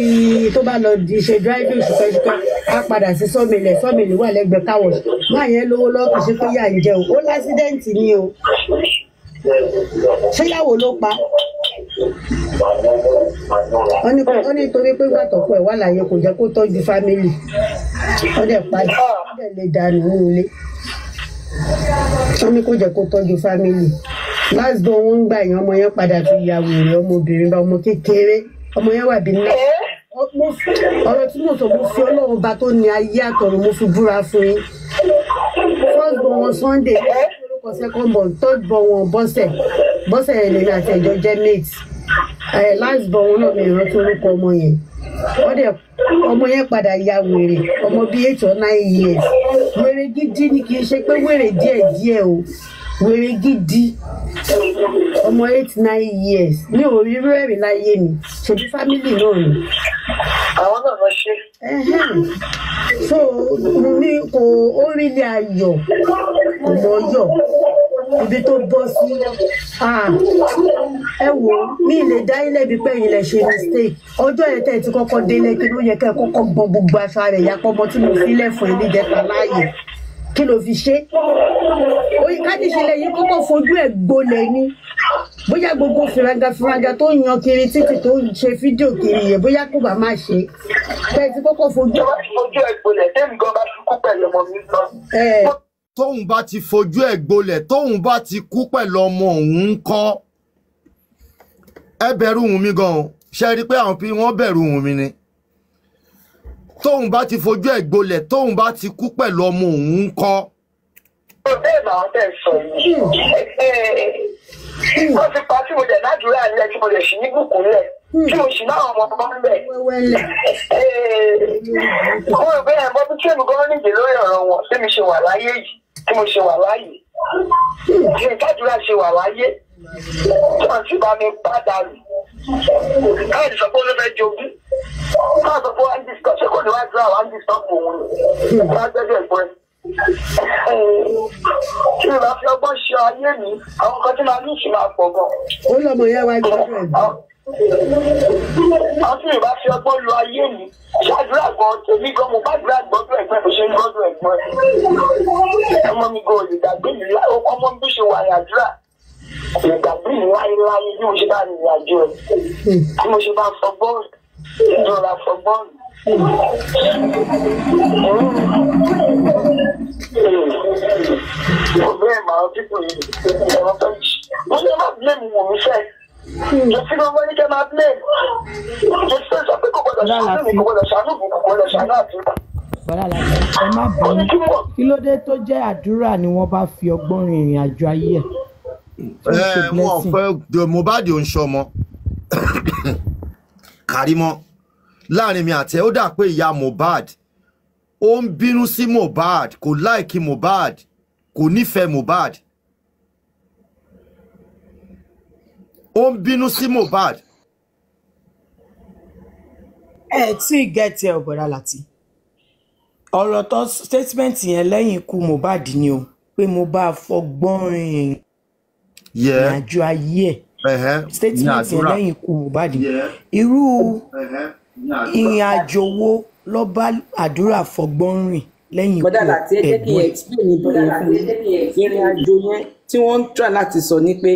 tó bá lọ di ṣe dráìvì ṣùkẹ́ṣùkẹ́ á padà sí sọ́mìlẹ̀ sọ́mìlẹ̀ wà lẹ́gbẹ̀ẹ́ káwọ̀ máa yẹn lówó lọ́kùn ṣe pé yà ń jẹun ó lásídẹ́ǹtì ni o ṣéyàwó ló pa wọ́n ní torí pé gbàtọ̀ pọ̀ ẹ̀ wà láàyè kò jẹ́ kó tọ́jú fámìlì wọ́n dẹ̀ pa jù wọ́n dẹ̀ lè dànù nílé wọ́n ní kó jẹ́ kó tọ́jú fámìlì lásìkò wọn ń gbà yẹn ọmọ yẹn padà fi ya wèrè ọmọbìnrin bá ọmọ kékeré ọmọ yẹn wà bí náà ọ̀rọ̀ tí mo sọ mo fi ọlọ́run bá tó ní ayé àtọ̀run mo fi búra fún yín fọ́ọ̀gbọ̀n wọn Sunday second born third born wọn bọ́sẹ̀ bọ́sẹ̀ yẹn lèmi àti ẹ̀jọ́ jẹ́ mate last born wọn náà mi ìrántí orúkọ ọmọ yẹn wọ́n dẹ̀ ọmọ yẹn padà ya wèrè ọmọ bíi eight or nine years wèrè gidi ni kì í ṣe pé wèrè díẹ̀ díẹ̀ o wèrè gidi ọmọ eight nine years mi ò rí rẹ́rìn láyé mi ṣèbí family náà ni. àwọn náà lọ ṣe. so mi kò ó rí ilé ayọ̀ kò mọ̀ ibi tó bọ́ sí ẹ wò mí lè dá ilé ibi pé ẹ̀yin lè ṣe mistake ọjọ́ yẹn tẹ̀ tí kọ́kọ́ délé kí ló yẹ kẹ́ ẹ kọ́kọ́ gbọ́ gbogbo aṣọ rẹ̀ yapọ̀ ọmọ tí mo sílẹ̀ fún ẹ níjẹta láàyè kí ló fi ṣe oyin káàdì ìṣẹ̀lẹ̀ yìí kọ́kọ́ fojú ẹ̀ gbolẹ̀ ni bóyá gbogbo fìrangafìranga tó ń yan kiri títì tó ń ṣe fídíò kiri yẹn bóyá kò bá má ṣe tẹ̀ tí kọ́kọ́ fojú. ojú ẹ̀ gbolẹ̀ tẹ́mi gan bá fi pẹ̀lú ọmọ mi lọ tóun bá ti fojú ẹ̀ gbolẹ̀ tóun bá ti kú pẹ̀lú ọmọ òun ń kọ́ ẹ bẹ̀rù Wùnmí gan-an ṣe rí i pé àwọn pín wọ́n bẹ̀rù Wùnmí ni tóun bá ti fojú ẹ̀ gbolẹ̀ tóun bá ti kú pẹ̀lú ọmọ òun ń kọ́. bẹ́ẹ̀ làwọn bẹ́ẹ̀ sọ yìí wọ́n ti pa tí mo dẹ̀ ládùúrà nílẹ̀ tí mo dẹ̀ sì ní bùkún lẹ̀ tí mo sì náà ọmọ ọmọ bẹ̀. mo rò bí tí èmi gan-an nìjẹ́ lórí ọ̀rọ̀ wọn tí mi ṣe wà láyé yìí bí mo ṣe wà láàyè bí n kájúra ṣe wà láyé tí wọn sì bá mi padà rù káàdì sọ pé ó ló fẹ́ jogún káà sọ pé wọn ń disọ ṣé kò ní wáá dúrà wọn ń disọ pò wọn wọn á gbẹ́dẹ̀ gbọ́ ẹ. kí ni màá fi ọgbọ́n ṣe ayé mi àwọn kan tí màá ní ìṣúná pọ̀ gan. ó lọ́mọ yá wá jẹ́ bẹ́ẹ̀ wọ́n sì bá fi ọgbọ́n lu ayé mi ṣáàdúrà gan tèmi gan mo bá dúrà gbọ́dọ̀ ẹ̀gbọ́n mo ṣe ń gbọ́dọ̀ ẹ̀gbọ́n ọmọ mi gan olè mi láwọn ọmọ mi bí ṣe wà yàdúrà olè mi láyé láyé bí mo ṣe bá rìnrìn àjò ẹ̀ bí mo ṣe bá fọ bọ́ọ̀lù ìjọba fọ bọ́ọ̀lù. ọ̀gbẹ́ ẹ̀ máa ń dínkù yìí ẹ̀rọ fẹ́ẹ́ wọ́n yẹ má bílẹ̀ mi wò mí fẹ́ẹ́. Jẹ́sí ló wọ́n ní kẹ́ máa blé. Jẹ́sí ló la pé kò gbọdọ̀ ṣàánú mi kò gbọdọ̀ ṣàánú mi kò gbọdọ̀ ṣàánú àti ìgbà. Bọ́lá Láti ẹ má bẹ̀rù kí ló dé tó jẹ́ àdúrà ni wọ́n bá fi ọgbọ́n rin ìrìn àjò ayé ẹ̀. Ẹ eh, wọn fẹ́ Mohbad ò ń ṣọmọ <coughs> Kàrímọ́ láàrin mi àtẹ ó dà pé ìyá Mohbad ó ń bínú sí Mohbad kò láìkí Mohbad kò nífẹ̀ẹ́ Mohbad. Like ó ń bínú sí Mohbad. ẹ tí ì gẹ̀tì ẹ ọ̀bọ̀dà láti ọ̀rọ̀ tó statement yẹn lẹ́yìn ikú Mohbad ni o pé mo bá fọgbọ́n rìn ìrìnàjò ayé ẹ̀ statement yẹn lẹ́yìn ikú Mohbad irú ìrìnàjò wo ló bá àdúrà fọgbọ́n rìn lẹ́yìn ikú ẹ̀gbọ́n. bọ́dà láti ẹ jẹ́ kí n explain ní ìrìnàjò yẹn tí wọ́n ń try láti sọ ni pé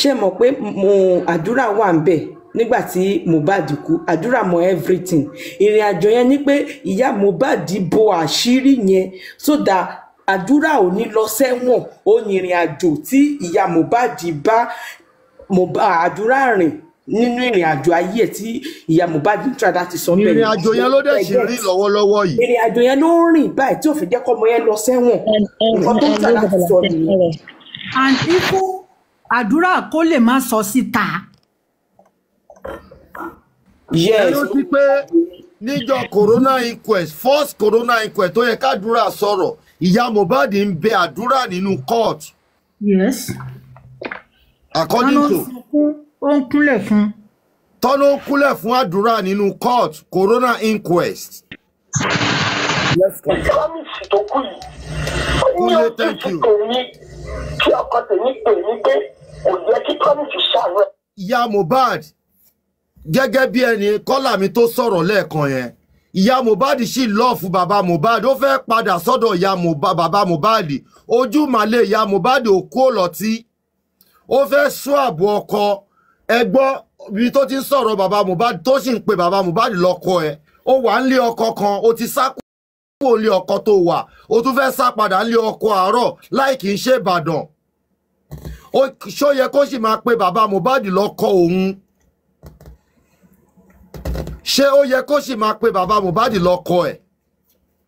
ṣe mọ̀ pé mo àdúrà wà ń bẹ̀ nígbà tí Mohbad kú àdúrà mọ everything ìrìn àjò yẹn ni pé ìyá Mohbad bo àṣírí yẹn so that àdúrà ò ní lọ sẹ́wọ̀n ó ní ìrìn àjò tí ìyá Mohbad bá àdúrà rìn nínú ìrìn àjò ayé ẹ tí ìyá Mohbad ń tíra láti sọ bẹ́ẹ̀ ìrìn àjò yẹn ló dẹ̀ ṣe rí lọ́wọ́lọ́wọ́ yìí ìrìn àjò yẹn ló ń rìn báyìí tí òfin jẹ́ kọ́mọ yẹn lọ sẹ́wọ̀n nǹkan tó sọ nìyẹn and even àdúrà kó lè má sọ síta. yes ẹ̀rọ ti pé níjọ corona inquest first corona inquest tó yẹ kádùúrà sọ̀rọ̀ ìyá Mohbad ń bẹ àdúrà nínú court. yes. according to. ó ń kúnlẹ̀ fún. tọ́lọ́ ń kúnlẹ̀ fún àdúrà nínú court corona inquest. yes kúnlẹ̀ thank you. kí ọkọ tèmi pè mí pé kò yẹ kí kọ́mìtì ṣàárẹ̀. ìyá Mohbad gẹ́gẹ́ bí ẹni kọ́là mi tó sọ̀rọ̀ lẹ́ẹ̀kan yẹn ìyá Mohbad sì lọ́ọ̀fù bàbá Mohbad ó fẹ́ padà sọ́dọ̀ ìyá bàbá Mohbad ojú màlẹ̀ ìyá Mohbad ò kó lọ́tí ó fẹ́ sún ààbò ọkọ ẹgbọ́ ibi tó ti ń sọ̀rọ̀ bàbá Mohbad tó sì ń pe bàbá Mohbad lọ́kọ ẹ̀ ó wà nílé ọkọ kan ó ti sá kúrò nílé ọkọ tó wà ó tún fẹ́ sá padà nílé ọkọ àárọ̀ láì kì í ṣe Ìbàdàn ó ṣó yẹ kó sì máa pe bàbá Mohbad lọ́kọ òun ṣé ó yẹ kó sì máa pe bàbá Mohbad lọ́kọ ẹ̀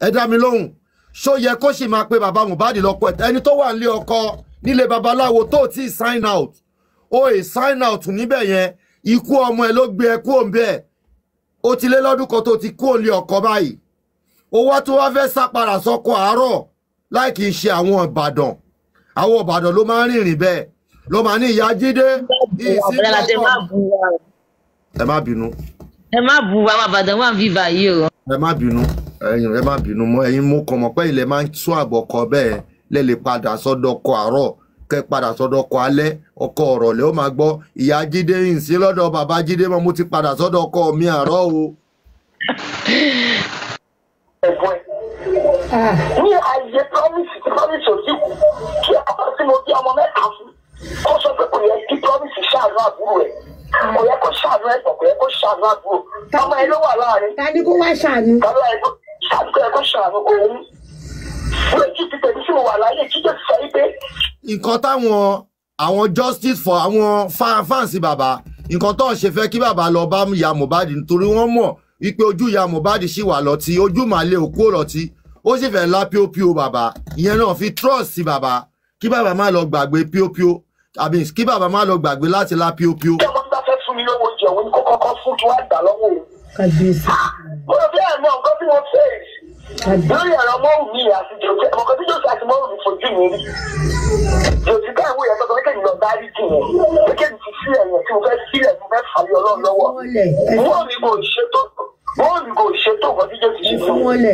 ẹ dá mi lóhùn ṣó yẹ kó sì máa pe bàbá Mohbad lọ́kọ ẹ̀ ẹni tó wà nílé ọkọ nílé babaláwo tó ti sign out ó ì sign out níbẹ̀ yẹn ikú ọmọ ẹ ló gbé ẹ kú òun bẹ́ẹ̀ ó ti lé lọ́dún kan tó ti kú òun lé ọkọ báyìí owó tó wá fẹ́ sá padà sọ́kọ àárọ̀ láì kì í ṣe àwọn Ìbàdàn àwọn Ìbàdàn ló máa ń rìnrìn bẹ́ẹ̀ lo máa ní ìyá jíde ìsìnkú ẹ má bínú. ẹ má bu àwọn àbàdàn wà viva yìí o. ẹ má bínú ẹ̀yin ẹ má bínú mọ́ ẹ̀yin mo kàn mọ̀ pé ilẹ̀ máa ń sọ àbọ̀kọ bẹ́ẹ̀ lè lè padà sọ́dọ̀ ọkọ àárọ̀ kẹ́ padà sọ́dọ̀ ọkọ alẹ́ ọkọ ọ̀rọ̀ lẹ́ ó máa gbọ́ ìyá jíde ìsìn lọ́dọ̀ mo ti padà sọ́dọ̀ ọkọ mi àárọ̀ o. Ah. ní ayé promise promise òsì kù kí a bá sí mo bí ọmọ mẹ́ta fún ó sọ pé kò yẹ kí promise ṣàánú àbúrò ẹ̀ kò yẹ kó ṣàánú ẹ̀sán kò yẹ kó ṣàánú àbúrò ọmọ ẹ ló wà láàrin. ta kó wá ṣàánú. bàbá ẹ kó ṣàánú kó yẹ kó ṣàánú òun wíwẹ̀ kí ti tẹ̀lé sí wà láyé kí sọ yí pé. nǹkan táwọn àwọn justice for àwọn fáǹsì bàbá nǹkan tó ń ṣe fẹ́ kí bàbá lọ bá ìyá Mohbad nítorí wọ́n mọ̀ wípé ojú ìyá Mohbad ṣì wà lọ́tí ojú màálé òkú ọ̀rọ̀tí ó sì fẹ́ lá píopío bàbá ìyẹn náà fi trust sí bàbá kí bàbá má lọ gbàgbé píopío àbí kí bàbá má lọ gbàgbé láti la piopio. ìjọba bá fẹ́ fún mi lówó jẹ òun kò kọ́kọ́ fún tí wọ́n lọ́wọ́ òun. mo rò bí àná nǹkan tí wọ́n fẹ́ lórí ẹ̀rọ mọ́rùn mi àti jòjì ọkọ̀ tí jòjì àti mọ́rùn mi fojú mi rí jòjì bá ìwé yẹn tọ́tọ́ kékeré lọ dárí jù wọ́n kékeré ti sílẹ̀ yẹn tí mo fẹ́ sílẹ̀ mo fẹ́ fàyè ọlọ́run lọ́wọ́ wọ́n kò ṣètò wọ́n kò ṣètò ọkọ̀ tí jòjì ṣe fún mi.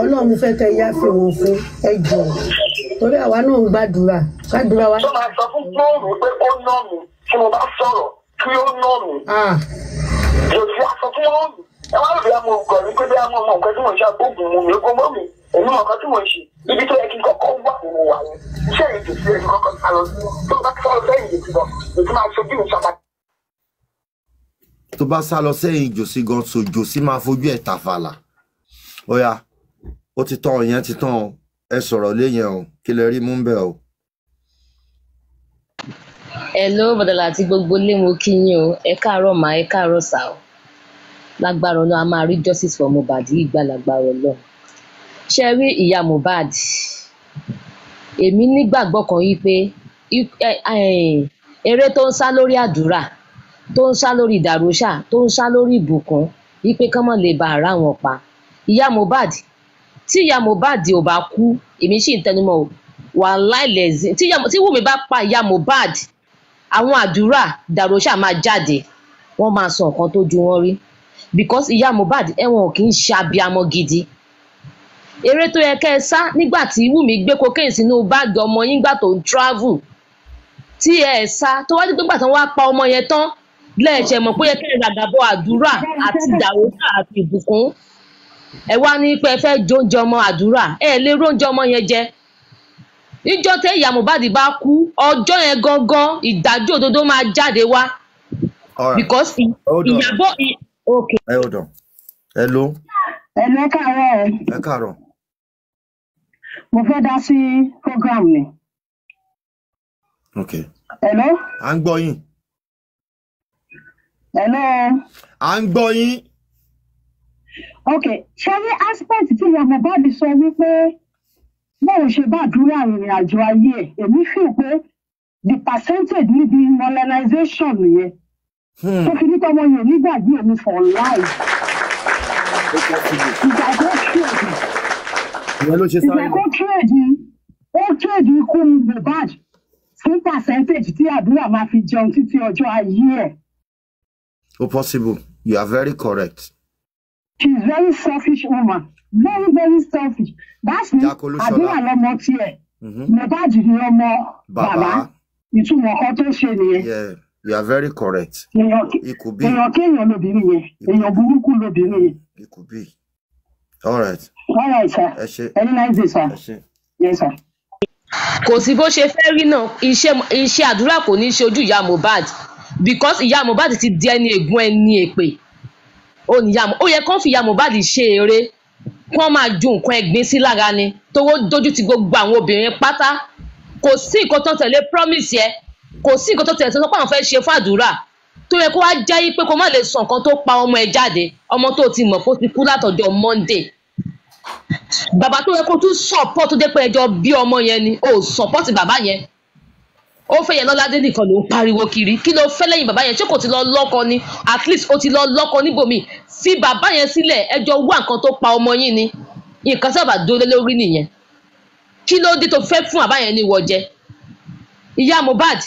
Ọlọ́run fẹ́ kẹ yáfẹ wọn fún ẹjọ́ torí àwa náà ń gbàdúrà gbàdúrà wa. sọ ma sọ fún pọ́ọ̀lù pé ó nà mí tí mo bá sọ̀rọ̀ kí ó nà mí. jòsì aṣọ fún wọn mi ẹ wá rò bí amọ̀ ògùn ọ̀rí pé bí amọ̀ ọmọ nǹkan tí mo ṣe àgbógun mu mi ogun mọ́ mi èmi mọ̀ nǹkan tí mo ṣe ibi tó yẹ kí n kọ́kọ́ wà ni mo wà ní iṣẹ́ ìdòtí ẹni kọ́kọ́ sálọ tó bá sálọ sẹ́yìn ìdòtí lọ ètò máa ṣojú mi sábà tó bá sá lọ sẹ́yìn jòsí gan so jòsí máa fojú ẹ̀ tàfàlà ó yá ó ti tán ọ yẹn ti tán ọ ẹ sọ̀rọ̀ léyìn o kí lẹ rí mú bẹ́ẹ̀ o. ẹ ló bọ̀dọ̀là àti gbogbo ilé mo kí yín o ẹ káàárọ̀ mà ẹ káàárọ̀ sà o lágbára ọlọ́run a máa rí justice for Mohbad yìí gbà lágbára ọlọ́run ṣe rí ìyá Mohbad èmi nígbàgbọ́ kan yìí pé eré tó ń sá lórí àdúrà tó ń sá lórí ìdàrúṣà tó ń sá lórí ìbùkún yìí pé kọ́mọ lè bá ara wọn pa ìyá Mohbad tí ìyá Mohbad ò bá kú èmi sì ń tẹnumọ́ o wàhálà ìlẹ̀zì tí Wùmí bá pa ìyá Mohbad àwọn àdúrà dàróṣà máa jáde wọ́n máa sọ nǹkan tó ju wọn rí because ìyá Mohbad ẹ̀wọ̀n kì í ṣe abiyamọ gidi eré tó yẹ kẹ́ ẹ sá nígbà tí Wùmí gbé cocaine sínú báàgì ọmọ yín gbà tó ń travel tí ẹ ẹ sá tó wá dípé gbàtàn wá pa ọmọ yẹn tán lẹ́ẹ̀ṣẹ̀ mọ̀ pé yẹ kẹ́ ẹ ràgàbọ̀ àdúrà àti dàróṣà àti ìbùkún ẹ wá ní pé ẹ fẹ́ jóúnjẹ ọmọ àdúrà ẹ lè róúnjẹ ọmọ yẹn jẹ níjọ́ tẹ ìyá Mohbad bá kú ọjọ́ yẹn gangan ìdájọ́ òdodo máa jáde wá because ìyàbọ ok. ẹ ò dàn ẹ ló. ẹ lẹ káàárọ̀ mo fẹ́ dá sí program ni. ok. ẹ à ń gbọ́ yín. ẹ à ń gbọ́ yín ok ṣé ní aspect tí ìyá Mohbad sọ wípé bóun ṣe bá àdúrà ìrìn àjò ayé ẹ̀ èmi fi pé the percentage níbi modernization nìyẹn hmm. tó fi nípa ọmọ yẹn nígbàgbé èmi for life ìgbàgbọ́ trade ìgbàgbọ́ trade ó trade ikú Mohbad fún percentage tí àdúrà máa fi jẹun títí ọjọ́ ayé ẹ̀. o possible you are very correct she's very selfish woman very very selfish that's me àdúrà lọmọ tiẹ̀ mm-hmm. Mohbad ni ọmọ bàbá ìtumọ̀ kan tó ṣe nìyẹn. you are very correct. èèyàn kéèyàn lóbìnrin yẹn èèyàn burúkú lóbìnrin yẹn. it could be all right. all right sir ẹ any nice day sir. ẹ yes sir kò sí bó ṣe fẹ́ rí náà iṣẹ́ iṣẹ́ àdúrà kò ní ṣojú ìyá Mohbad because ìyá Mohbad ti di ẹni ègún ẹni èpè ó níyà ó yẹ kán fìyà Mohbad ṣe eré kí wọ́n máa ju nǹkan ẹ̀gbin sí lára ni tówó dojú ti gbogbo àwọn obìnrin pátá kò sí nǹkan tó tẹ̀lé promise yẹ kò sí nǹkan tó tẹ̀lé sọ́kọ́ àwọn fẹ́ ṣe fàdúrà tó yẹ kó wá jẹ́ yí pé kó má lè sọ nǹkan tó pa ọmọ ẹ jáde ọmọ tó ti mọ̀ kó ti kú látọ̀jọ́ Monday bàbá tó yẹ kó tún support tó jẹ́ pé ẹjọ́ bí ọmọ yẹn ni ó support bàbá yẹn ó fẹ́ yẹn lọ́ládé nìkan ló ń pariwo kiri kí ló fẹ́ lẹ́yìn bàbá yẹn ṣé kò ti lọ lọ́kọ ni at least ó ti lọ lọ́kọ níbòmí fi bàbá yẹn sílẹ̀ ẹjọ́ wá nǹkan tó pa ọmọ yín ni nǹkan sábà dólé lórí nìyẹn kí ló dé tó fẹ́ fún bàbá yẹn ní wọ́jẹ ìyá Mohbad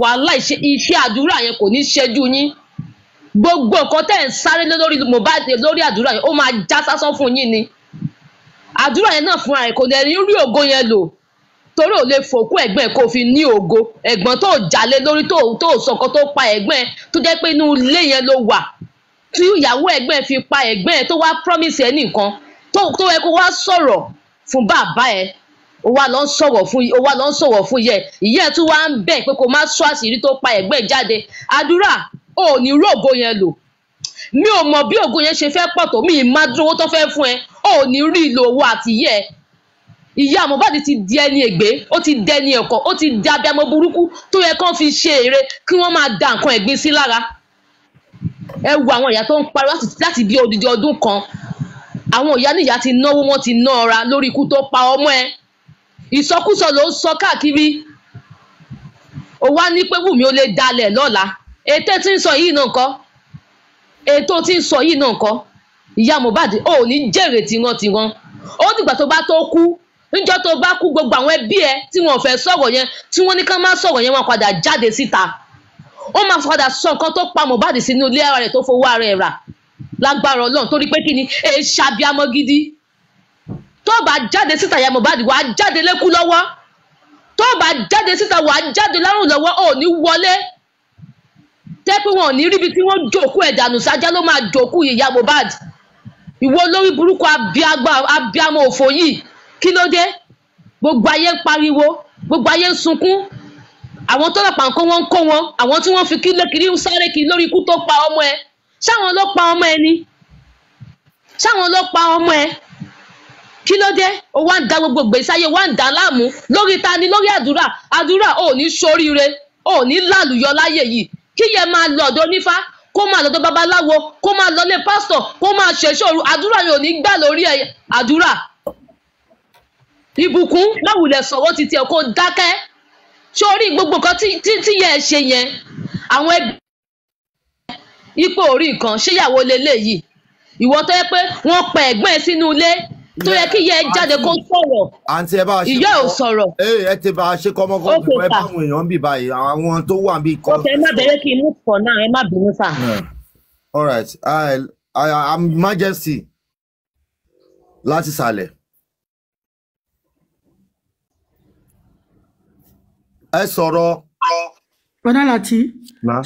wàhálà iṣẹ́ àdúrà yẹn kò ní ṣẹ́jú yín gbogbo nǹkan tẹ́ ẹ̀ ń sáré lórí Mohbad lórí àdúrà yẹn ó máa já sásán fún yín ni àdúrà yẹn náà fúnra rẹ̀ kò ní ẹni rí ògo yẹn lò torí ò lè fòkú ẹ̀gbọ́n ẹ̀ kó fi ní ògo ẹ̀gbọ́n tó jalè lórí tó tó sọkọ tó pa ẹ̀gbọ́n ẹ̀ tó jẹ́ pé inú ilé yẹn ló wà tí ìyàwó ẹ̀gbọ́n ẹ̀ fi pa ẹ̀gbọ́n ẹ̀ tó wá promise ẹ̀ nìkan tó tó yẹ kó wá sọ̀rọ̀ fún bàbá ẹ̀ ó wá lọ ń sọ̀rọ̀ fún ó wá lọ ń sọ̀rọ̀ fún yẹ ìyẹn tún wá ń bẹ̀ pé kó má sọ àṣírí tó pa ẹ̀gbọ́n ẹ̀ jáde àdúrà ò ní rú ògo yẹn lò mi ò mọ̀ bí ògo yẹn ṣe fẹ́ pọ̀ tó mi ì má dúró tó fẹ́ fún ẹ ò ní rí ìlò owó àtìyẹ ìyá Mohbad ti di ẹni ègbé ó ti dẹni ẹ̀kọ́ ó ti di abiyamọ burúkú tó yẹ kán fi ṣe èrè kí wọ́n máa da nǹkan ẹ̀gbin sí lára ẹ wo àwọn ìyá tó ń pariwo láti bí odidi ọdún kan àwọn ìyá níyà ti náwó wọ́n ti ná ọra lórí ikú tó pa ọmọ ẹ ìsọkúsọ ló ń sọ káàkiri ó wá ní pé Wùmí ó lè dalẹ̀ lọ́la ètò tí ń sọ yìí náà kọ́ ètò tí ń sọ yìí náà kọ́ ìyá Mohbad ò ní jèrè tiwọn tiwọn ó dìgbà tó bá tó kú níjọ́ tó bá kú gbogbo àwọn ẹbí ẹ tí wọn fẹ́ sọ̀rọ̀ yẹn tí wọ́n ní ká má sọ̀rọ̀ yẹn wọ́n padà jáde síta ó máa padà sọ nǹkan tó pa Mohbad sínú ilé ara rẹ̀ tó fowó ara ẹ̀ rà lágbára Ọlọ́run torí pé kí ni ẹ ṣàbíamọ gidi tó bá jáde síta ya Mohbad wàá jáde lẹ́kú lọ́wọ́ tó bá jáde síta wàá jáde lárùn lọ́wọ́ ò ní wọlé tẹ́ pé wọn ò ní ríbi tí wọ́n jòkú ẹ̀ dànù sájá ló máa jòkú ìyá Mohbad ìwọ olórí burúkú abiamọ òfò yìí kí ló dé gbogbo ayé ń pariwo gbogbo ayé ń sunkún àwọn tọ́lọ́pàá ń kó wọn ń kó wọn àwọn tí wọ́n fi kílékiri ń sáré kiri lórí ikú tó pa ọmọ ẹ ṣáwọn ló pa ọmọ ẹ ni ṣáwọn ló pa ọmọ ẹ kí ló dé o wá ń da gbogbo gbèsè ayé wá ń dà láàmú lórí ta ni lórí àdúrà àdúrà ò ní ṣoríire ò ní lálùyọ láyé yìí kí yẹn máa lọ ọ̀dọ̀ onífá kó máa lọ́dọ̀ babaláwo kó máa lọlé pásítọ̀ kó máa ṣẹṣọ òru àdúrà yẹn ò ní gbà lórí àdúrà ìbùkún láwùlẹ̀ sọ̀wọ́ ti tiẹ̀ kó dákẹ́ ṣé orí gbogbo nǹkan tí yẹn ṣe yẹn àwọn ẹbí ipò orí nǹkan ṣéyàwó leléyìí ìwọ tó yẹ pé wọ́n pa ẹ̀gbọ́n ẹ sínú ilé tó yẹ kí yẹ jáde kó sọ̀rọ̀ ìyá ò sọ̀rọ̀. ẹ ti bá a ṣe kọ́ ọmọkọ́ ọmọ ẹ bá àwọn èèyàn bì báyìí àwọn tó wà bí. ok ẹ má bẹ̀rẹ̀ kí n pọ̀ náà ẹ má bínú sà. all right I, I, I'm Majesty láti sàlẹ̀. ẹ sọ̀rọ̀. bọ́dá